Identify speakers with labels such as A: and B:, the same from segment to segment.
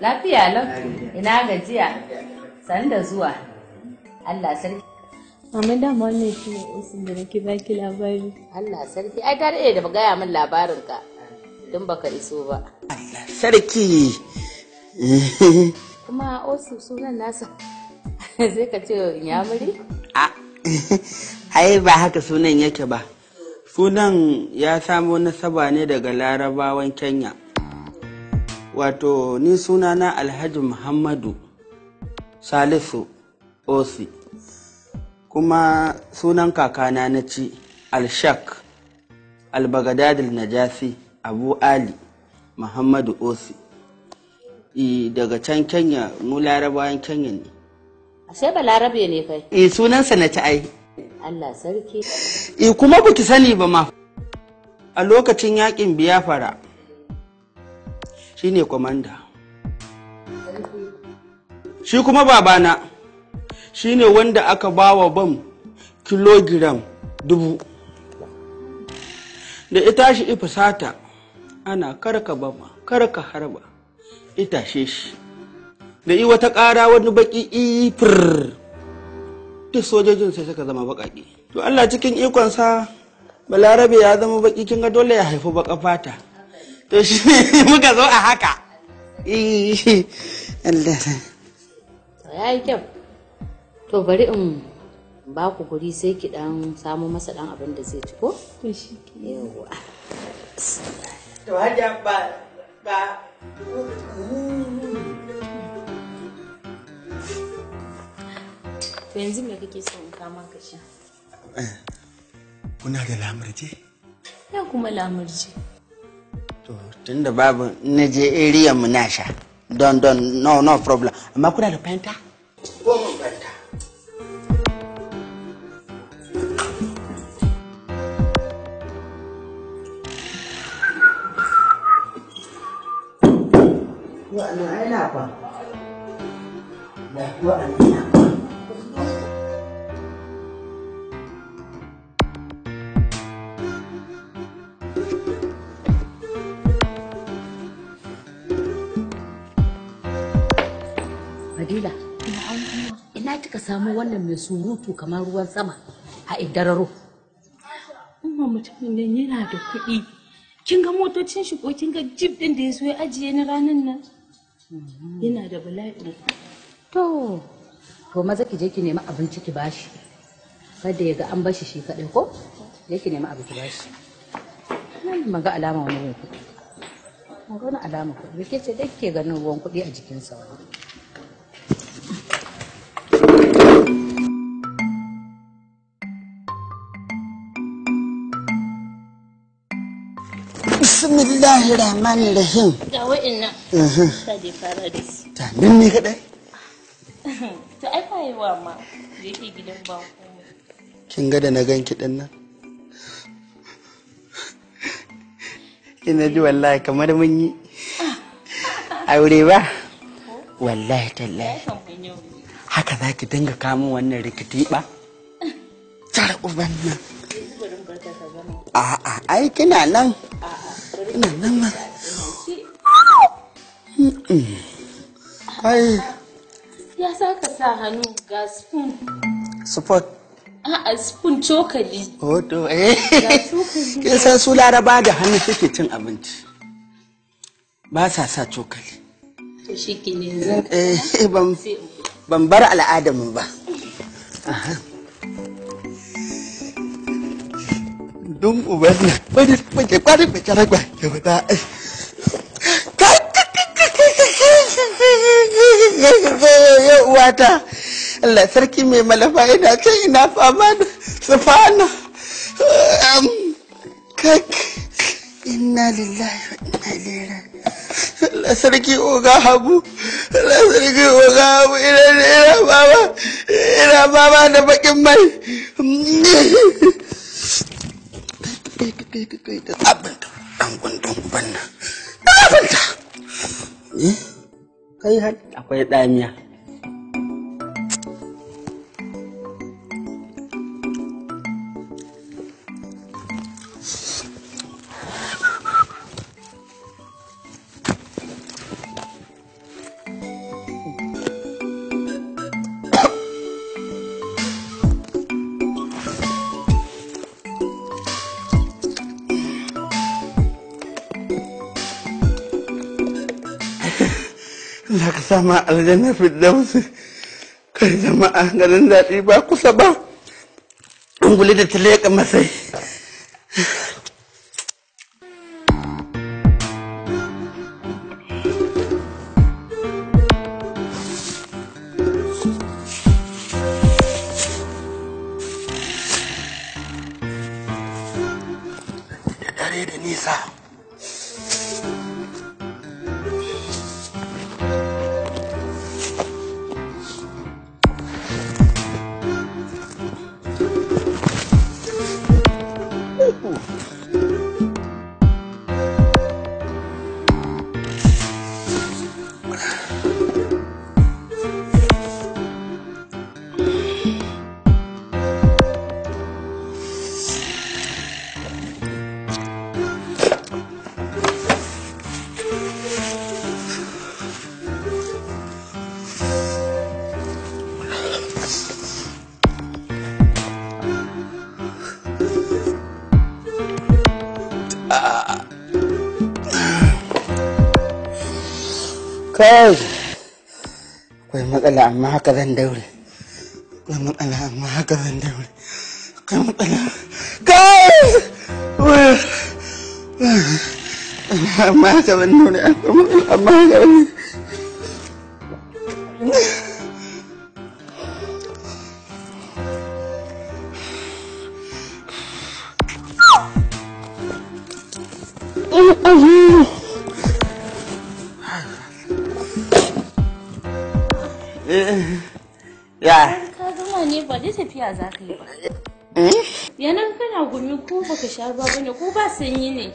A: Lafiya lau, ina gajiya, san da zuwa, Allah sarki. Amma dama wannan shi usun da nake baki labari. Allah sarki, ai ta da ba gaya min ka tun baka iso ba. Allah sarki. Kuma osu sunan nasa, sai ka ce ya A, ai ba haka sunan yake ba. Sunan ya samo nasaba ne daga larabawan Kenya. wato ni sunana alhaji muhammadu salisu osi kuma sunan kakana na ci alshak albagadadil najasi abu ali muhammadu osi I, daga can kenya mu larabawan kenya ne ashe ba larabe ne kai e sunansa na ci ai allah sarki e kuma ki sani ba ma a lokacin yakin biyafara shine kwamanda shi kuma babana shine wanda aka bawa bam kilogiram dubu da ita shi ifisata ana karka bama karka harba ita shi da yi wata ƙara wani baƙi ifir duk sojojin sai suka zama baƙaƙi. to allah cikin ikonsa balarabe ya zama baƙi kinga dole ya haifi baka fata to shi muka zo a haka eh, to ya yi kyau to bari in ba ku guri sai ki dan samu masa dan abin da zai ci ko to shi yawa to hajja ba ba to yanzu me kake so in kama ka sha eh, kuna da lamurje ya kuma lamurje tun da babu na je area mu na sha don don no no problem amma kuna da fanta ko mun fanta wa'ana aina fa da wa'ana fadila ina kika samu wannan mai surutu kamar ruwan sama a idararo umma mutumin nan yana da kuɗi kin ga motocin shi ko kin ga jeep din da ya zo ya ajiye ni ranan nan mhm. yana da bala'i to to maza ki je ki nemi abinci ki bashi kada ya ga an bashi shi kaɗai ko je ki nemi abinci bashi nan ban ga alama wani ruwan kuɗi ban ga wani alama kuɗi ke ce dai ke ganin ruwan kuɗi a jikinsa wani bismillahi ga ta da su ai ma gidan na ganki ina ji wallahi kamar mun yi ah. aure ba wallahi tallahi haka za ki dinga kamun wannan rikiti ba tsara uban nan a'a ai kina nan a'a ina nan ma ai ya sa ka sa hannu ga spoon support a'a spoon cokali hoto oh, eh kin san su laraba da hannu suke cin abinci ba sa sa cokali to shi ne eh, ban bar al'adamin ba don ubanna bari mace kwarin mace ragwa ya fita ya uwata Allah sarki mai malafa ina ce ina fama da sufana kak inna lillahi wa inna ilaihi Allah sarki oga habu Allah sarki oga habu ina ina baba ina baba da bakin mai kai kai kai da tsabanta dan gundun uban nan tsabanta kai har akwai damiya ka sa ma aljanna firdausi kai jama'a garin daɗi ba kusa ba unguli da ta leƙa masai da kai akwai matsala amma haka zan daure akwai matsala amma haka zan daure akwai matsala kai amma haka zan daure amma haka zan daure ya ka gama ne ba tafiya za ka yi ba eh? yanan kana gumi ko baka sha ruwa ne, ko ba sanyi ne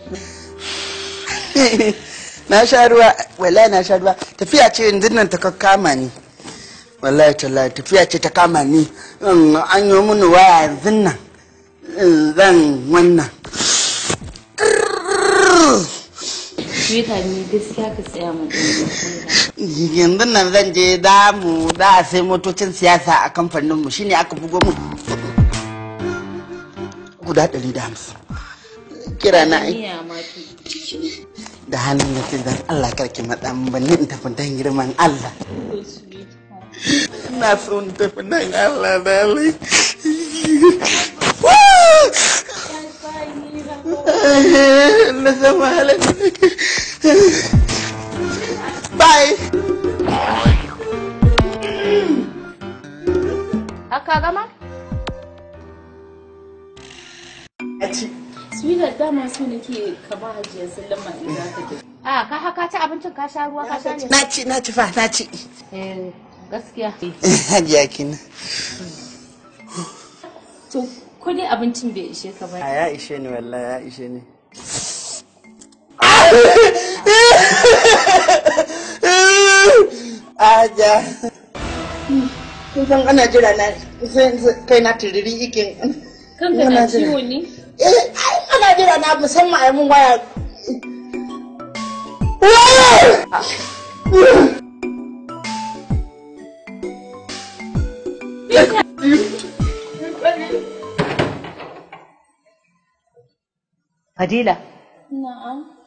A: na sha ruwa wallahi na sha ruwa tafiya ce yanzu nan ta kama ni wallahi tallahi tafiya ce ta kama ni an yi mini waya yanzu nan zan wannan Yanzu nan zan je za mu za a sai motocin siyasa a kamfaninmu shine aka bugo mu. Guda ɗari da hamsin. Kira na ai. Da hannun na ce zan Allah karki matsa min ban in tafi dan girman Allah. na so in tafi dan Allah da Allah. na zama bye gama? a ci sweetheart dama hajiyar sallama ka ka haka ci abincin ka sha ruwa ka sha ne na ci na ci fa na ci gaskiya hajiya kina to ko dai abincin bai ishe ka ba a ya ishe ni wallahi ya ishe ni aja kusan ana jira na kai na tiriri ikin kanka na ciwo ne eh ana jira na musamman a yi mun waya Whoa! هديلة نعم